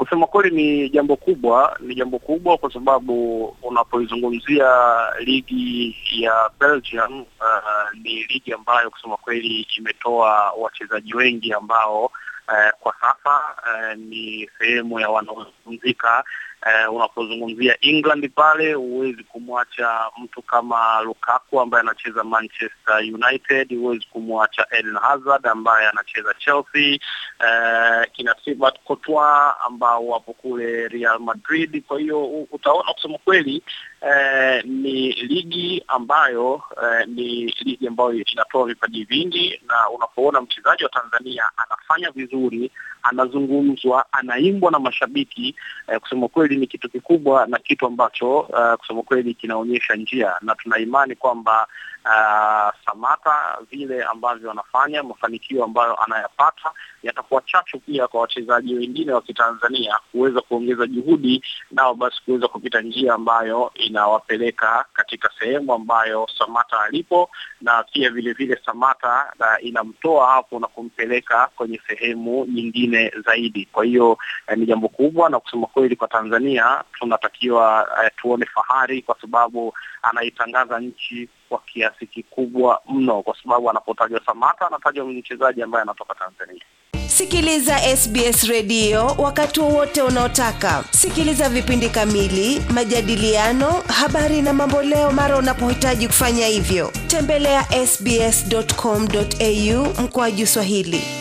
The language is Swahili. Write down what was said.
Kusema kweli ni jambo kubwa, ni jambo kubwa kwa sababu unapoizungumzia ligi ya Belgium uh, ni ligi ambayo kusema kweli imetoa wachezaji wengi ambao eh, kwa sasa eh, ni sehemu ya wanaozungumzika eh, unapozungumzia England pale huwezi kumwacha mtu kama Lukaku ambaye anacheza Manchester United, huwezi kumwacha Eden Hazard ambaye anacheza Chelsea, eh, kina Thibaut cotoi ambao wapo kule Real Madrid. Kwa hiyo utaona kusema kweli Eh, ni ligi ambayo eh, ni ligi ambayo inatoa vipaji vingi, na unapoona mchezaji wa Tanzania anafanya vizuri, anazungumzwa, anaimbwa na mashabiki eh, kusema kweli ni kitu kikubwa na kitu ambacho eh, kusema kweli kinaonyesha njia, na tuna imani kwamba uh, ah, Samata vile ambavyo anafanya, mafanikio ambayo anayapata yatakuwa chachu pia kwa wachezaji wengine wa Kitanzania kuweza kuongeza juhudi nao basi kuweza kupita njia ambayo inawapeleka katika sehemu ambayo Samata alipo, na pia vile vile Samata inamtoa hapo na kumpeleka kwenye sehemu nyingine zaidi. Kwa hiyo eh, ni jambo kubwa na kusema kweli kwa Tanzania tunatakiwa eh, tuone fahari kwa sababu anaitangaza nchi kwa kiasi kikubwa mno, kwa sababu anapotajwa Samata anatajwa mchezaji ambaye anatoka Tanzania. Sikiliza SBS redio wakati wowote unaotaka. Sikiliza vipindi kamili, majadiliano, habari na mamboleo mara unapohitaji kufanya hivyo. Tembelea sbs.com.au mkoaji Swahili.